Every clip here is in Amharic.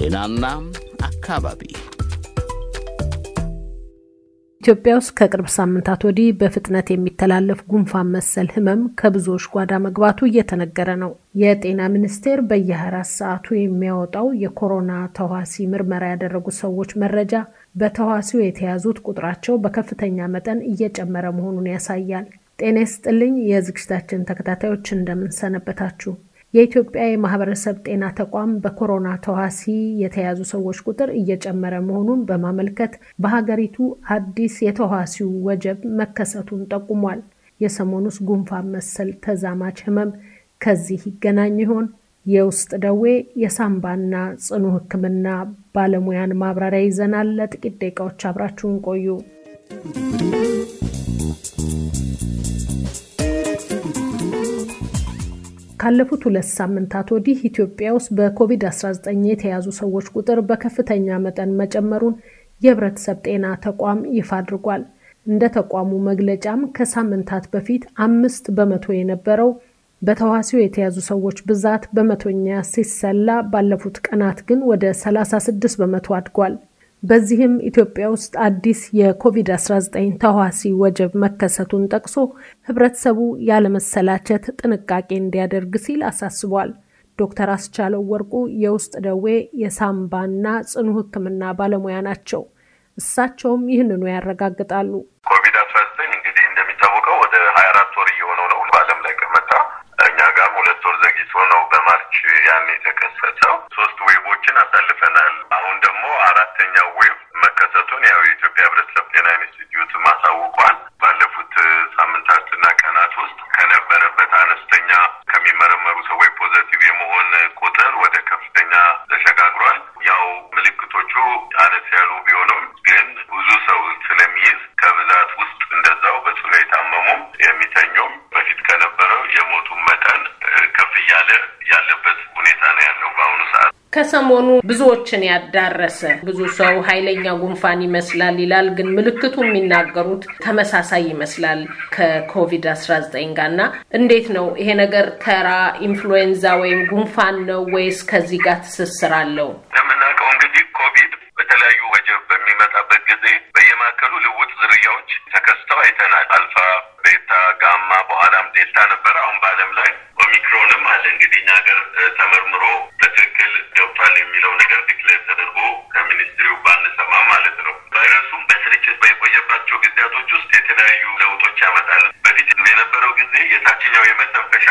ጤናና አካባቢ ኢትዮጵያ ውስጥ ከቅርብ ሳምንታት ወዲህ በፍጥነት የሚተላለፍ ጉንፋን መሰል ህመም ከብዙዎች ጓዳ መግባቱ እየተነገረ ነው። የጤና ሚኒስቴር በየ24 ሰዓቱ የሚያወጣው የኮሮና ተዋሲ ምርመራ ያደረጉ ሰዎች መረጃ በተዋሲው የተያዙት ቁጥራቸው በከፍተኛ መጠን እየጨመረ መሆኑን ያሳያል። ጤና ይስጥልኝ የዝግጅታችን ተከታታዮች እንደምንሰነበታችሁ። የኢትዮጵያ የማህበረሰብ ጤና ተቋም በኮሮና ተዋሲ የተያዙ ሰዎች ቁጥር እየጨመረ መሆኑን በማመልከት በሀገሪቱ አዲስ የተዋሲው ወጀብ መከሰቱን ጠቁሟል። የሰሞኑስ ጉንፋን መሰል ተዛማች ህመም ከዚህ ይገናኝ ይሆን? የውስጥ ደዌ የሳምባና ጽኑ ሕክምና ባለሙያን ማብራሪያ ይዘናል። ለጥቂት ደቂቃዎች አብራችሁን ቆዩ። ካለፉት ሁለት ሳምንታት ወዲህ ኢትዮጵያ ውስጥ በኮቪድ-19 የተያዙ ሰዎች ቁጥር በከፍተኛ መጠን መጨመሩን የህብረተሰብ ጤና ተቋም ይፋ አድርጓል። እንደ ተቋሙ መግለጫም ከሳምንታት በፊት አምስት በመቶ የነበረው በተዋሲው የተያዙ ሰዎች ብዛት በመቶኛ ሲሰላ ባለፉት ቀናት ግን ወደ 36 በመቶ አድጓል። በዚህም ኢትዮጵያ ውስጥ አዲስ የኮቪድ-19 ተዋሲ ወጀብ መከሰቱን ጠቅሶ ህብረተሰቡ ያለመሰላቸት ጥንቃቄ እንዲያደርግ ሲል አሳስቧል። ዶክተር አስቻለው ወርቁ የውስጥ ደዌ የሳምባና ጽኑ ሕክምና ባለሙያ ናቸው። እሳቸውም ይህንኑ ያረጋግጣሉ። ኮቪድ አስራ ዘጠኝ እንግዲህ እንደሚታወቀው ወደ ሀያ አራት ወር እየሆነው ነው በዓለም ላይ ከመጣ እኛ ጋር ሁለት ወር ዘግይቶ ነው በማርች ያን የተከሰተው። ሶስት ዌቦችን አሳልፈናል። ከሰሞኑ ብዙዎችን ያዳረሰ ብዙ ሰው ኃይለኛ ጉንፋን ይመስላል ይላል፣ ግን ምልክቱ የሚናገሩት ተመሳሳይ ይመስላል ከኮቪድ-19 ጋር እንዴት ነው ይሄ ነገር ተራ ኢንፍሉዌንዛ ወይም ጉንፋን ነው ወይስ ከዚህ ጋር ትስስር አለው? እንደምናውቀው እንግዲህ ኮቪድ በተለያዩ ወጀብ በሚመጣበት ጊዜ በየማዕከሉ ልውጥ ዝርያዎች ተከስተው አይተናል። አልፋ፣ ቤታ፣ ጋማ በኋላም ዴልታ ነበር። አሁን በዓለም ላይ ኦሚክሮንም አለ እንግዲህ እኛ ሀገር ተመርምሮ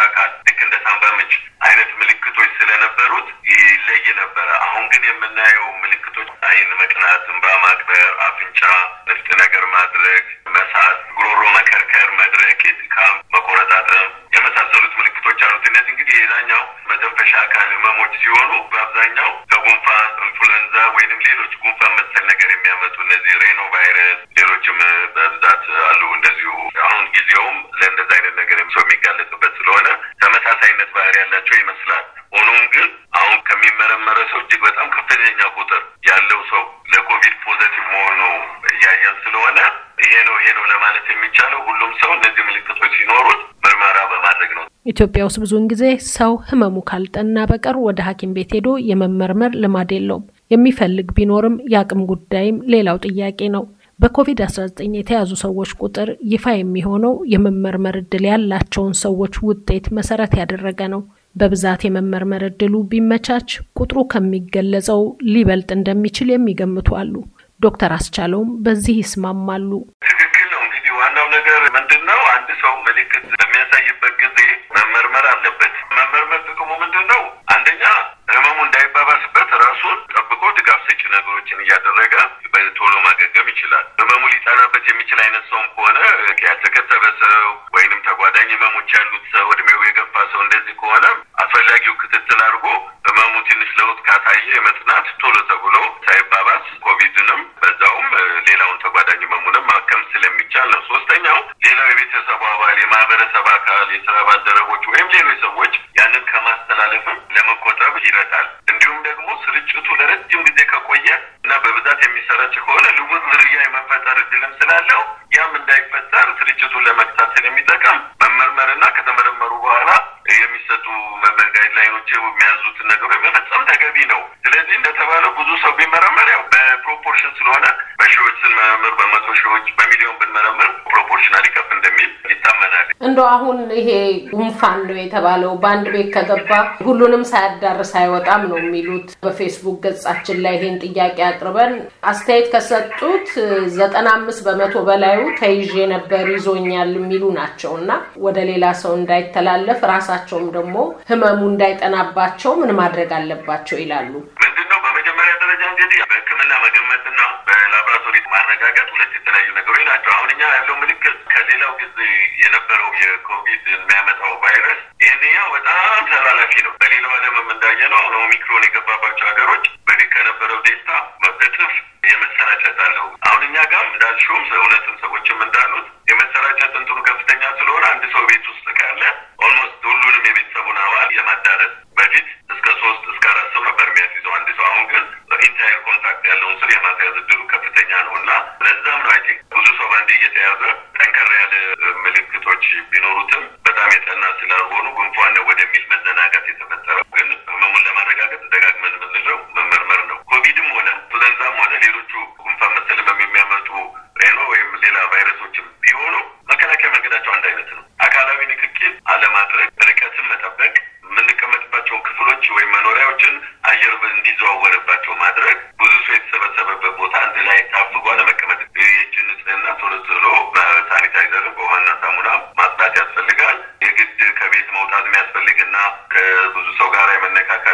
መነካካት ልክ እንደ ሳምባምች አይነት ምልክቶች ስለነበሩት ይለይ ነበረ። አሁን ግን የምናየው ምልክቶች አይን መቅናት፣ እንባ አፍንጫ ንፍጥ ነገር ማድረግ፣ መሳት፣ ጉሮሮ መከርከር፣ መድረቅ፣ የድካም መቆረጣጠም የመሳሰሉት ምልክቶች አሉት። እነዚህ እንግዲህ ሌላኛው መተንፈሻ አካል ህመሞች ሲሆኑ በአብዛኛው ከጉንፋን፣ ኢንፍሉዌንዛ ወይንም ሌሎች ጉንፋን መሰል ነገር የሚያመጡ እነዚህ ሬኖቫይረስ ነው። ኢትዮጵያ ውስጥ ብዙውን ጊዜ ሰው ህመሙ ካልጠና በቀር ወደ ሐኪም ቤት ሄዶ የመመርመር ልማድ የለውም። የሚፈልግ ቢኖርም የአቅም ጉዳይም ሌላው ጥያቄ ነው። በኮቪድ-19 የተያዙ ሰዎች ቁጥር ይፋ የሚሆነው የመመርመር እድል ያላቸውን ሰዎች ውጤት መሰረት ያደረገ ነው። በብዛት የመመርመር እድሉ ቢመቻች ቁጥሩ ከሚገለጸው ሊበልጥ እንደሚችል የሚገምቱ አሉ። ዶክተር አስቻለውም በዚህ ይስማማሉ። ትክክል ነው። እንግዲህ ዋናው ነገር ምንድን ነው? ሰው ምልክት በሚያሳይበት ጊዜ መመርመር አለበት። መመርመር ጥቅሙ ምንድን ነው? አንደኛ ህመሙ እንዳይባባስበት ራሱን ድጋፍ ሰጪ ነገሮችን እያደረገ ቶሎ ማገገም ይችላል። ህመሙ ሊጠናበት የሚችል አይነት ሰውም ከሆነ ያልተከተበ ሰው ወይንም ተጓዳኝ ህመሞች ያሉት ሰው፣ እድሜው የገፋ ሰው እንደዚህ ከሆነ አስፈላጊው ክትትል አድርጎ ህመሙ ትንሽ ለውጥ ካሳየ የመጽናት ቶሎ ተብሎ ሳይባባስ ኮቪድንም በዛውም ሌላውን ተጓዳኝ ህመሙንም ማከም ስለሚቻል ነው። ሶስተኛው ሌላው የቤተሰቡ አባል፣ የማህበረሰብ አካል፣ የስራ ባልደረቦች ወይም ሌሎች ስላለው ያም እንዳይፈጠር ስርጭቱን ለመግታት ስለሚጠቀም መመርመርና ከተመረመሩ በኋላ የሚሰጡ ጋይድላይኖች የሚያዙትን ነገሮች የመፈጸም ተገቢ ነው። ስለዚህ እንደተባለው ብዙ ሰው ቢመረመር ያው በፕሮፖርሽን ስለሆነ በሺዎች ስንመረምር በመቶ ሺዎች በሚሊዮን ብንመረምር ፕሮፖርሽናል ይከፍ እንደሚል ይታመናል። እንደው አሁን ይሄ ጉንፋን ነው የተባለው በአንድ ቤት ከገባ ሁሉንም ሳያዳርስ አይወጣም ነው የሚሉት። በፌስቡክ ገጻችን ላይ ይሄን ጥያቄ አቅርበን አስተያየት ከሰጡት ዘጠና አምስት በመቶ በላዩ ተይዤ ነበር ይዞኛል የሚሉ ናቸው እና ወደ ሌላ ሰው እንዳይተላለፍ ራሳቸውም ደግሞ ህመሙ እንዳይጠናባቸው ምን ማድረግ አለባቸው ይላሉ። ማረጋገጥ ሁለት የተለያዩ ነገሮች ናቸው። አሁን እኛ ያለው ምልክት ከሌላው ጊዜ የነበረው የኮቪድ የሚያመጣው ቫይረስ ይህንኛው በጣም ተላላፊ ነው። በሌላው ዓለምም እንዳየ ነው አሁን ኦሚክሮን የገባባቸው ሀገሮች በፊት ከነበረው ዴልታ እጥፍ የመሰራጨት አለው። አሁን እኛ ጋር እንዳልሽውም እውነትም ሰዎችም እንዳሉት think करने का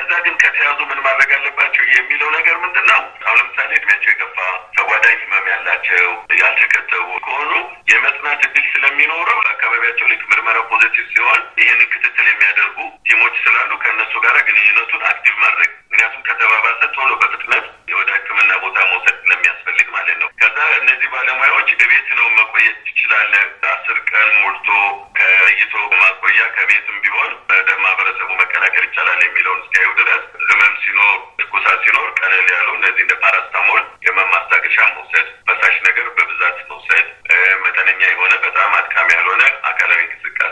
ከዛ ግን ከተያዙ ምን ማድረግ አለባቸው የሚለው ነገር ምንድን ነው? አሁን ለምሳሌ እድሜያቸው የገፋ ተጓዳኝ ህመም ያላቸው ያልተከተቡ ከሆኑ የመጽናት እድል ስለሚኖረው አካባቢያቸው ልክ ምርመራ ፖዘቲቭ ሲሆን ይህን ክትትል የሚያደርጉ ቲሞች ስላሉ ከእነሱ ጋር ግንኙነቱን አክቲቭ ማድረግ ምክንያቱም ከተባባሰ ቶሎ በፍጥነት ወደ ሕክምና ቦታ መውሰድ ስለሚያስፈልግ ማለት ነው። እነዚህ ባለሙያዎች እቤት ነው መቆየት ትችላለህ። አስር ቀን ሞልቶ ከይቶ ማቆያ ከቤትም ቢሆን ወደ ማህበረሰቡ መከላከል ይቻላል የሚለውን እስኪያዩ ድረስ ህመም ሲኖር፣ ትኩሳት ሲኖር ቀለል ያሉ እነዚህ እንደ ፓራስታሞል ህመም ማስታገሻ መውሰድ፣ ፈሳሽ ነገር በብዛት መውሰድ፣ መጠነኛ የሆነ በጣም አድካሚ ያልሆነ አካላዊ እንቅስቃሴ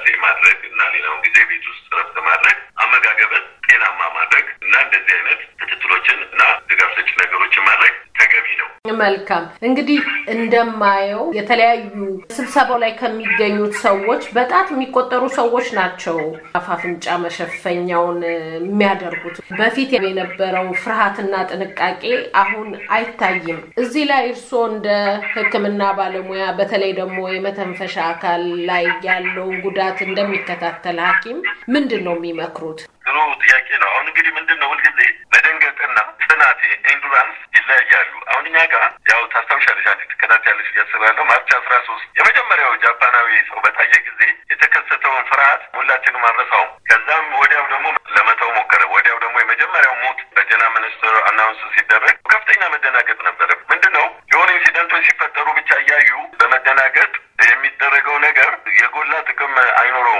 መልካም እንግዲህ እንደማየው የተለያዩ ስብሰባው ላይ ከሚገኙት ሰዎች በጣት የሚቆጠሩ ሰዎች ናቸው አፋፍንጫ መሸፈኛውን የሚያደርጉት። በፊት የነበረው ፍርሃትና ጥንቃቄ አሁን አይታይም። እዚህ ላይ እርስዎ እንደ ህክምና ባለሙያ በተለይ ደግሞ የመተንፈሻ አካል ላይ ያለውን ጉዳት እንደሚከታተል ሀኪም ምንድን ነው የሚመክሩት? ጥሩ ጥያቄ ነው። አሁን እንግዲህ ምንድን ነው ሁልጊዜ ጥናቴ ኢንዱራንስ ይለያያሉ። አሁን እኛ ጋር ያው ታስታውሻለሽ አንቺ ትከታተያለሽ እያስባለሁ ማርች አስራ ሶስት የመጀመሪያው ጃፓናዊ ሰው በታየ ጊዜ የተከሰተውን ፍርሃት ሁላችንም አረሳውም። ከዛም ወዲያው ደግሞ ለመተው ሞከረ። ወዲያው ደግሞ የመጀመሪያው ሞት በጤና ሚኒስትር አናውንስ ሲደረግ ከፍተኛ መደናገጥ ነበረ። ምንድን ነው የሆነ ኢንሲደንቶች ሲፈጠሩ ብቻ እያዩ በመደናገጥ የሚደረገው ነገር የጎላ ጥቅም አይኖረውም።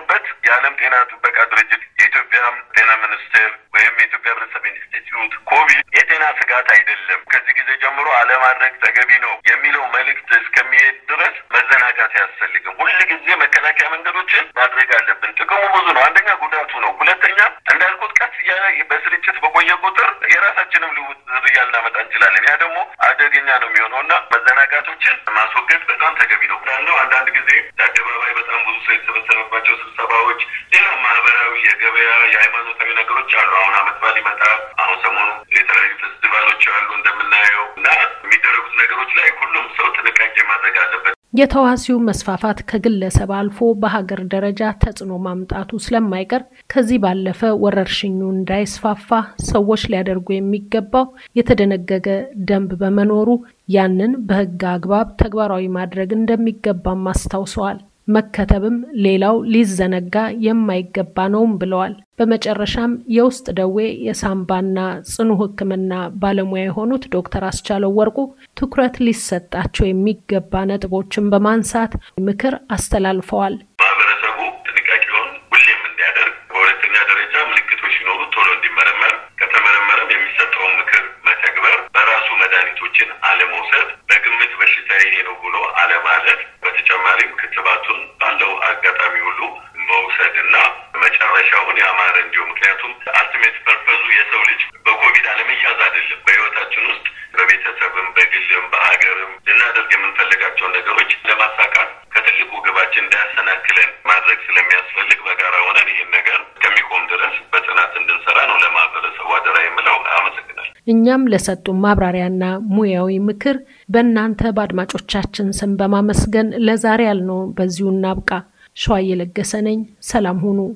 ተጠቅመውበት የዓለም ጤና ጥበቃ ድርጅት የኢትዮጵያ ጤና ሚኒስቴር ወይም የኢትዮጵያ ሕብረተሰብ ኢንስቲትዩት ኮቪድ የጤና ስጋት አይደለም፣ ከዚህ ጊዜ ጀምሮ አለማድረግ ተገቢ ነው የሚለው መልእክት እስከሚሄድ ድረስ መዘናጋት አያስፈልግም። ሁል ጊዜ መከላከያ መንገዶችን ማድረግ አለብን። ጥቅሙ ብዙ ነው። አንደኛ ጉዳቱ ነው። ሁለተኛ እንዳልኩት ቀስ እያለ በስርጭት በቆየ ቁጥር የራሳችንም ልውጥ ዝርያ ልናመጣ እንችላለን። ያ ደግሞ አደገኛ ነው የሚሆነው እና መዘናጋቶችን ማስወገድ በጣም ተገቢ ነው እንዳለው አንዳንድ ጊዜ አደባባይ በጣም ብዙ ሰው የተሰበሰበባቸው ስብሰባዎች፣ ሌላ ማህበራዊ፣ የገበያ፣ የሃይማኖታዊ ነገሮች አሉ። አሁን አመት በዓል ይመጣል። አሁን ሰሞኑ የተለያዩ ፌስቲቫሎች አሉ እንደምናየው እና የሚደረጉት ነገሮች ላይ ሁሉም ሰው ጥንቃቄ ማድረግ አለበት። የተዋሲው መስፋፋት ከግለሰብ አልፎ በሀገር ደረጃ ተጽዕኖ ማምጣቱ ስለማይቀር ከዚህ ባለፈ ወረርሽኙ እንዳይስፋፋ ሰዎች ሊያደርጉ የሚገባው የተደነገገ ደንብ በመኖሩ ያንን በሕግ አግባብ ተግባራዊ ማድረግ እንደሚገባም አስታውሰዋል። መከተብም ሌላው ሊዘነጋ የማይገባ ነውም ብለዋል። በመጨረሻም የውስጥ ደዌ የሳምባና ጽኑ ሕክምና ባለሙያ የሆኑት ዶክተር አስቻለው ወርቁ ትኩረት ሊሰጣቸው የሚገባ ነጥቦችን በማንሳት ምክር አስተላልፈዋል። ማህበረሰቡ ጥንቃቄውን ሁሌም እንዲያደርግ፣ በሁለተኛ ደረጃ ምልክቶች ሲኖሩ ቶሎ እንዲመረመር፣ ከተመረመረም የሚሰጠውን ምክር መተግበር፣ በራሱ መድኃኒቶችን አለመውሰድ፣ በግምት በሽታ ይሄ ነው ብሎ አለማለት በተጨማሪም ክትባቱን ባለው አጋጣሚ ሁሉ መውሰድ መጨረሻውን ያማረ እንዲሁ ምክንያቱም አልቲሜት ፐርፐዙ የሰው ልጅ በኮቪድ አለመያዝ አይደለም። በህይወታችን ውስጥ በቤተሰብም፣ በግልም፣ በሀገርም ልናደርግ የምንፈልጋቸውን ነገሮች ለማሳካት ከትልቁ ግባችን እንዳያሰናክለን ማድረግ ስለሚያስፈልግ በጋራ ሆነን ይህን ነገር ከሚቆም ድረስ በጽናት እንድንሰራ ነው ለማህበረሰቡ አደራ የምለው። አመሰግናል። እኛም ለሰጡን ማብራሪያና ሙያዊ ምክር በእናንተ በአድማጮቻችን ስም በማመስገን ለዛሬ ያልነው በዚሁ እናብቃ። ሸዋ እየለገሰ ነኝ። ሰላም ሁኑ።